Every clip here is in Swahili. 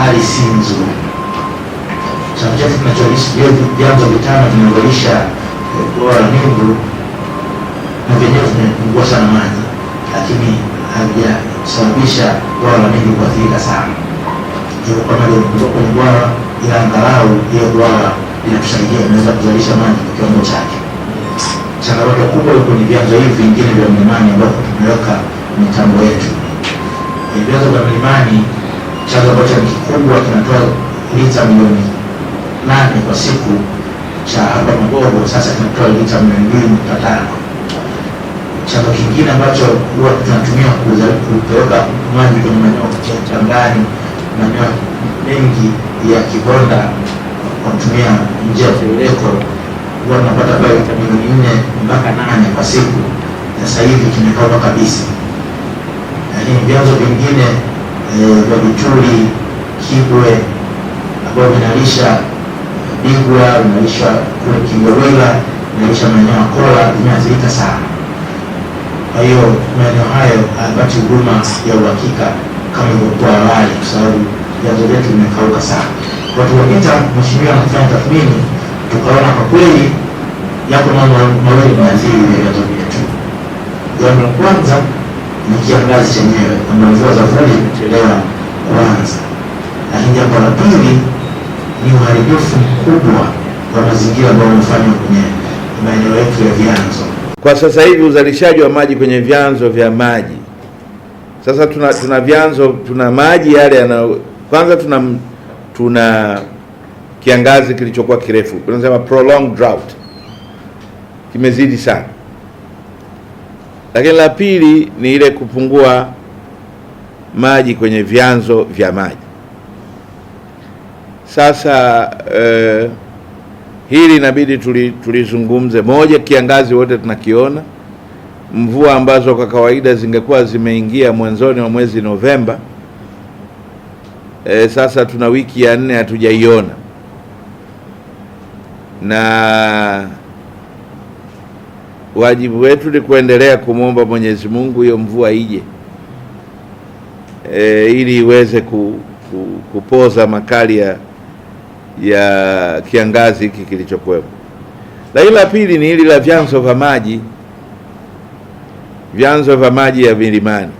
hali si nzuri. Chama chetu tunachoishi leo, vyanzo vitano vinavyolisha eh, bwawa la Mingu na vyenyewe vimepungua sana maji, lakini havijasababisha bwawa la Mingu kuathirika sana. Kwa maji yamepungua kwenye bwawa, ila angalau hiyo bwawa linatusaidia, inaweza kuzalisha maji kwa kiwango chake. Changamoto kubwa iko kwenye vyanzo hivi vingine vya mlimani ambavyo tumeweka mitambo yetu vyanzo vya mlimani chanzo ambacho ni kikubwa kinatoa lita milioni nane kwa siku cha hapa Magogo sasa kinatoa lita milioni mbili nukta tano. Chanzo kingine ambacho huwa tunatumia kupeleka maji kwenye maeneo ya Mchangani, maeneo mengi ya Kibonda kwa kutumia njia ya mtiririko huwa tunapata pale lita milioni nne mpaka nane kwa siku. Sasa hivi kimekauka kabisa, lakini vyanzo vingine Vabituli Kigwe ambayo vinalisha Bigwa, vinalisha kule Kigowela, vinalisha maeneo ya Kola, vimeathirika sana. Kwa hiyo maeneo hayo hayapati huduma ya uhakika kama ilivyokuwa awali, kwa sababu vyanzo vyetu vimekauka sana. Kwa tulipita mheshimiwa anafanya tathmini, tukaona kwa kweli yako mambo mawili maadhiri ya vyanzo vyetu. Jambo la kwanza ni kiangazi chenyewe, na mvua za vuli huchelewa kwanza. Lakini jambo la pili ni uharibifu mkubwa wa mazingira ambayo umefanywa kwenye maeneo yetu ya vyanzo. Kwa sasa hivi uzalishaji wa maji kwenye vyanzo vya maji sasa tuna tuna vyanzo tuna maji yale yana kwanza, tuna tuna kiangazi kilichokuwa kirefu, tunasema prolonged drought, kimezidi sana. Lakini la pili ni ile kupungua maji kwenye vyanzo vya maji. Sasa eh, hili inabidi tulizungumze. Moja, kiangazi wote tunakiona, mvua ambazo kwa kawaida zingekuwa zimeingia mwanzoni wa mwezi Novemba, eh, sasa tuna wiki ya nne hatujaiona na wajibu wetu ni kuendelea kumwomba Mwenyezi Mungu hiyo mvua ije, e, ili iweze ku, ku, kupoza makali ya, ya kiangazi hiki kilichokuwepo. Lakini la pili ni hili la vyanzo vya maji, vyanzo vya maji ya milimani.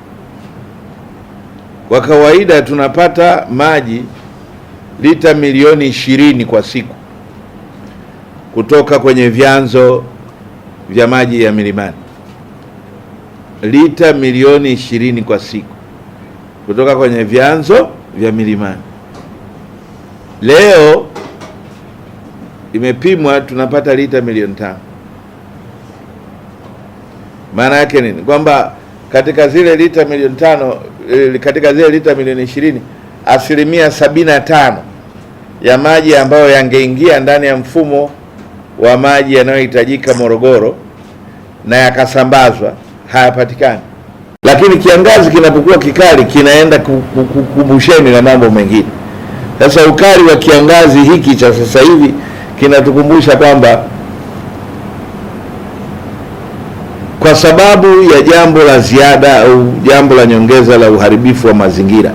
Kwa kawaida tunapata maji lita milioni ishirini kwa siku kutoka kwenye vyanzo vya maji ya milimani lita milioni ishirini kwa siku kutoka kwenye vyanzo vya milimani. Leo imepimwa tunapata lita milioni tano. Maana yake nini? Kwamba katika zile lita milioni tano, eh, katika zile lita milioni ishirini, asilimia sabini na tano ya maji ambayo yangeingia ndani ya mfumo wa maji yanayohitajika Morogoro na yakasambazwa hayapatikani. Lakini kiangazi kinapokuwa kikali kinaenda kukumbusheni na mambo mengine. Sasa ukali wa kiangazi hiki cha sasa hivi kinatukumbusha kwamba kwa sababu ya jambo la ziada au jambo la nyongeza la uharibifu wa mazingira,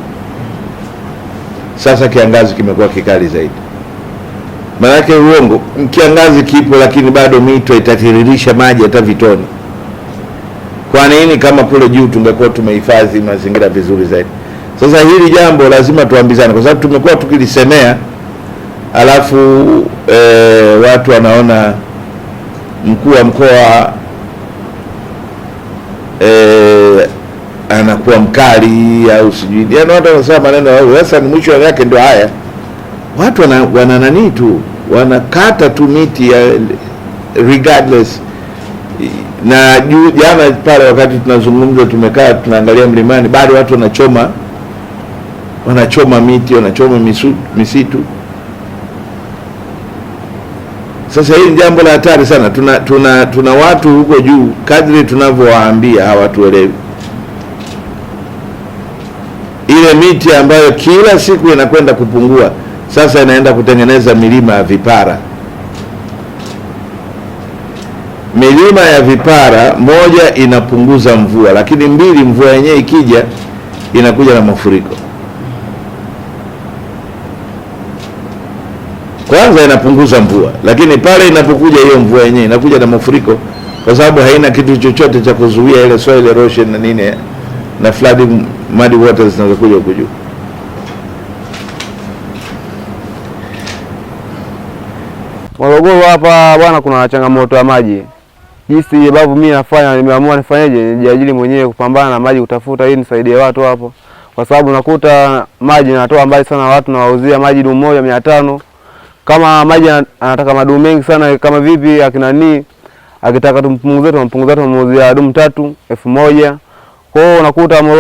sasa kiangazi kimekuwa kikali zaidi. Maanake uongo kiangazi kipo, lakini bado mito itatiririsha maji hata vitoni. Kwa nini? Kama kule juu tungekuwa tumehifadhi mazingira vizuri zaidi. Sasa hili jambo lazima tuambizane, kwa sababu tumekuwa tukilisemea alafu e, watu wanaona mkuu wa mkoa e, anakuwa mkali au sijui, yaani watu wanasema maneno sasa, ni mwisho yake ndio haya watu wana, wana nani tu wanakata tu miti ya regardless na juu jana pale wakati tunazungumza tumekaa tunaangalia mlimani, bado watu wanachoma wanachoma miti wanachoma misu, misitu. Sasa hili ni jambo la hatari sana. Tuna, tuna, tuna watu huko juu, kadri tunavyowaambia hawatuelewi. Ile miti ambayo kila siku inakwenda kupungua sasa inaenda kutengeneza milima ya vipara. Milima ya vipara, moja inapunguza mvua, lakini mbili, mvua yenyewe ikija inakuja na mafuriko. Kwanza inapunguza mvua, lakini pale inapokuja hiyo mvua yenyewe inakuja na mafuriko, kwa sababu haina kitu chochote cha kuzuia ile soil erosion na nini na flooding muddy waters zinazokuja huko juu. Morogoro hapa bwana, kuna changamoto ya maji. Jinsi babu mimi nafanya, nimeamua nifanyeje, nijiajiri mwenyewe kupambana na maji, kutafuta ili nisaidie watu hapo, kwa sababu nakuta maji natoa mbali sana, watu nawauzia maji dumu moja mia tano kama maji anataka madumu mengi sana, kama vipi akinani akitaka tumpunguze, tumpunguze, tumuuzia dumu tatu elfu moja. Kwa unakuta